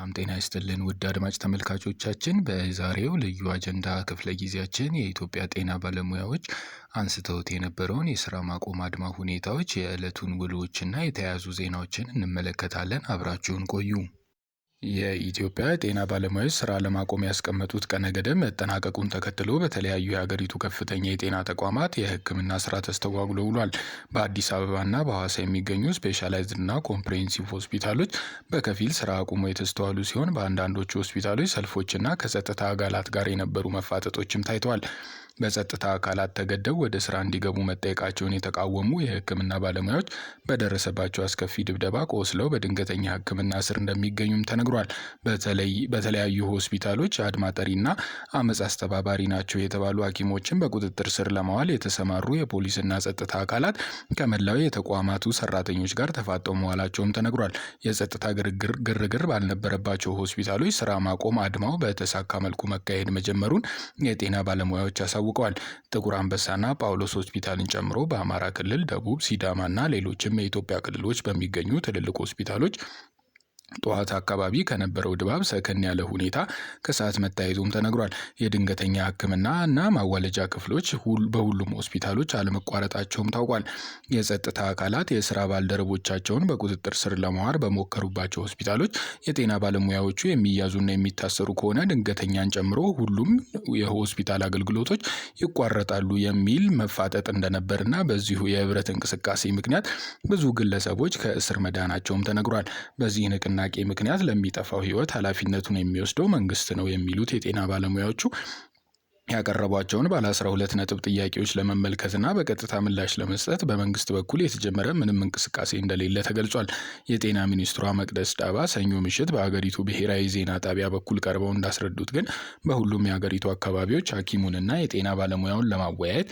ሰላም ጤና ይስጥልን ውድ አድማጭ ተመልካቾቻችን በዛሬው ልዩ አጀንዳ ክፍለ ጊዜያችን የኢትዮጵያ ጤና ባለሙያዎች አንስተውት የነበረውን የስራ ማቆም አድማ ሁኔታዎች፣ የዕለቱን ውሎችና የተያያዙ ዜናዎችን እንመለከታለን። አብራችሁን ቆዩ። የኢትዮጵያ ጤና ባለሙያዎች ስራ ለማቆም ያስቀመጡት ቀነ ገደብ መጠናቀቁን ተከትሎ በተለያዩ የሀገሪቱ ከፍተኛ የጤና ተቋማት የሕክምና ስራ ተስተጓጉሎ ውሏል። በአዲስ አበባና በሐዋሳ የሚገኙ ስፔሻላይዝድና ኮምፕሬሄንሲቭ ሆስፒታሎች በከፊል ስራ አቁሞ የተስተዋሉ ሲሆን በአንዳንዶቹ ሆስፒታሎች ሰልፎችና ከጸጥታ አካላት ጋር የነበሩ መፋጠጦችም ታይተዋል። በጸጥታ አካላት ተገደው ወደ ስራ እንዲገቡ መጠየቃቸውን የተቃወሙ የሕክምና ባለሙያዎች በደረሰባቸው አስከፊ ድብደባ ቆስለው በድንገተኛ ሕክምና ስር እንደሚገኙም ተነግሯል። በተለያዩ ሆስፒታሎች አድማጠሪና አመፅ አስተባባሪ ናቸው የተባሉ ሐኪሞችን በቁጥጥር ስር ለማዋል የተሰማሩ የፖሊስና ጸጥታ አካላት ከመላው የተቋማቱ ሰራተኞች ጋር ተፋጠው መዋላቸውም ተነግሯል። የጸጥታ ግርግር ባልነበረባቸው ሆስፒታሎች ስራ ማቆም አድማው በተሳካ መልኩ መካሄድ መጀመሩን የጤና ባለሙያዎች አሳወቁ። አሳውቀዋል። ጥቁር አንበሳና ጳውሎስ ሆስፒታልን ጨምሮ በአማራ ክልል፣ ደቡብ፣ ሲዳማና ሌሎችም የኢትዮጵያ ክልሎች በሚገኙ ትልልቅ ሆስፒታሎች ጠዋት አካባቢ ከነበረው ድባብ ሰከን ያለ ሁኔታ ከሰዓት መታየቱም ተነግሯል። የድንገተኛ ሕክምና እና ማዋለጃ ክፍሎች በሁሉም ሆስፒታሎች አለመቋረጣቸውም ታውቋል። የጸጥታ አካላት የስራ ባልደረቦቻቸውን በቁጥጥር ስር ለማዋር በሞከሩባቸው ሆስፒታሎች የጤና ባለሙያዎቹ የሚያዙና የሚታሰሩ ከሆነ ድንገተኛን ጨምሮ ሁሉም የሆስፒታል አገልግሎቶች ይቋረጣሉ የሚል መፋጠጥ እንደነበርና በዚሁ የህብረት እንቅስቃሴ ምክንያት ብዙ ግለሰቦች ከእስር መዳናቸውም ተነግሯል። በዚህ ንቅና ንቅናቄ ምክንያት ለሚጠፋው ህይወት ኃላፊነቱን የሚወስደው መንግስት ነው የሚሉት የጤና ባለሙያዎቹ ያቀረቧቸውን ባለ 12 ነጥብ ጥያቄዎች ለመመልከትና በቀጥታ ምላሽ ለመስጠት በመንግስት በኩል የተጀመረ ምንም እንቅስቃሴ እንደሌለ ተገልጿል። የጤና ሚኒስትሯ መቅደስ ዳባ ሰኞ ምሽት በሀገሪቱ ብሔራዊ ዜና ጣቢያ በኩል ቀርበው እንዳስረዱት ግን በሁሉም የሀገሪቱ አካባቢዎች ሐኪሙንና የጤና ባለሙያውን ለማወያየት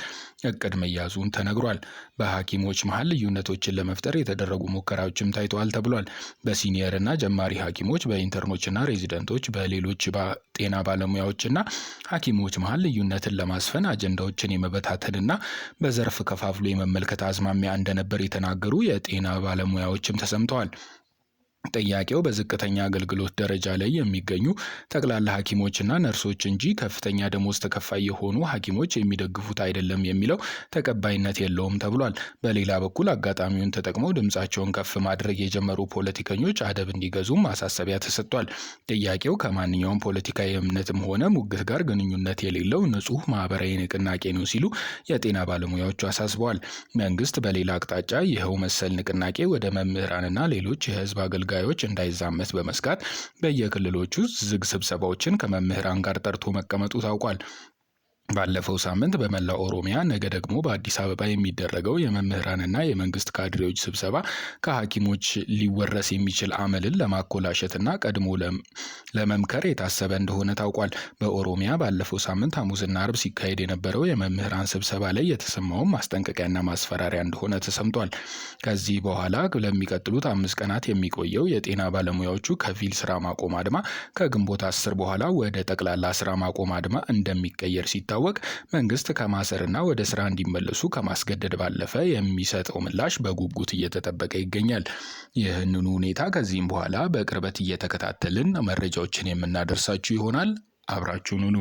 እቅድ መያዙን ተነግሯል። በሐኪሞች መሀል ልዩነቶችን ለመፍጠር የተደረጉ ሙከራዎችም ታይተዋል ተብሏል። በሲኒየርና ጀማሪ ሐኪሞች፣ በኢንተርኖችና ሬዚደንቶች፣ በሌሎች ጤና ባለሙያዎችና ሐኪሞች መሀል ልዩነትን ለማስፈን አጀንዳዎችን የመበታተንና በዘርፍ ከፋፍሎ የመመልከት አዝማሚያ እንደነበር የተናገሩ የጤና ባለሙያዎችም ተሰምተዋል። ጥያቄው በዝቅተኛ አገልግሎት ደረጃ ላይ የሚገኙ ጠቅላላ ሐኪሞችና ነርሶች እንጂ ከፍተኛ ደሞዝ ተከፋይ የሆኑ ሐኪሞች የሚደግፉት አይደለም የሚለው ተቀባይነት የለውም ተብሏል። በሌላ በኩል አጋጣሚውን ተጠቅመው ድምፃቸውን ከፍ ማድረግ የጀመሩ ፖለቲከኞች አደብ እንዲገዙም ማሳሰቢያ ተሰጥቷል። ጥያቄው ከማንኛውም ፖለቲካዊ እምነትም ሆነ ሙግት ጋር ግንኙነት የሌለው ንጹህ ማህበራዊ ንቅናቄ ነው ሲሉ የጤና ባለሙያዎቹ አሳስበዋል። መንግስት በሌላ አቅጣጫ ይኸው መሰል ንቅናቄ ወደ መምህራንና ሌሎች የህዝብ አገልግሎት ተገልጋዮች እንዳይዛመት በመስጋት በየክልሎቹ ዝግ ስብሰባዎችን ከመምህራን ጋር ጠርቶ መቀመጡ ታውቋል። ባለፈው ሳምንት በመላው ኦሮሚያ ነገ ደግሞ በአዲስ አበባ የሚደረገው የመምህራንና የመንግስት ካድሬዎች ስብሰባ ከሐኪሞች ሊወረስ የሚችል አመልን ለማኮላሸትና ቀድሞ ለመምከር የታሰበ እንደሆነ ታውቋል። በኦሮሚያ ባለፈው ሳምንት ሐሙስና አርብ ሲካሄድ የነበረው የመምህራን ስብሰባ ላይ የተሰማውም ማስጠንቀቂያና ማስፈራሪያ እንደሆነ ተሰምቷል። ከዚህ በኋላ ለሚቀጥሉት አምስት ቀናት የሚቆየው የጤና ባለሙያዎቹ ከፊል ስራ ማቆም አድማ ከግንቦት አስር በኋላ ወደ ጠቅላላ ስራ ማቆም አድማ እንደሚቀየር ሲታ። ሲታወቅ መንግስት ከማሰርና ወደ ስራ እንዲመለሱ ከማስገደድ ባለፈ የሚሰጠው ምላሽ በጉጉት እየተጠበቀ ይገኛል። ይህንኑ ሁኔታ ከዚህም በኋላ በቅርበት እየተከታተልን መረጃዎችን የምናደርሳችሁ ይሆናል። አብራችሁኑ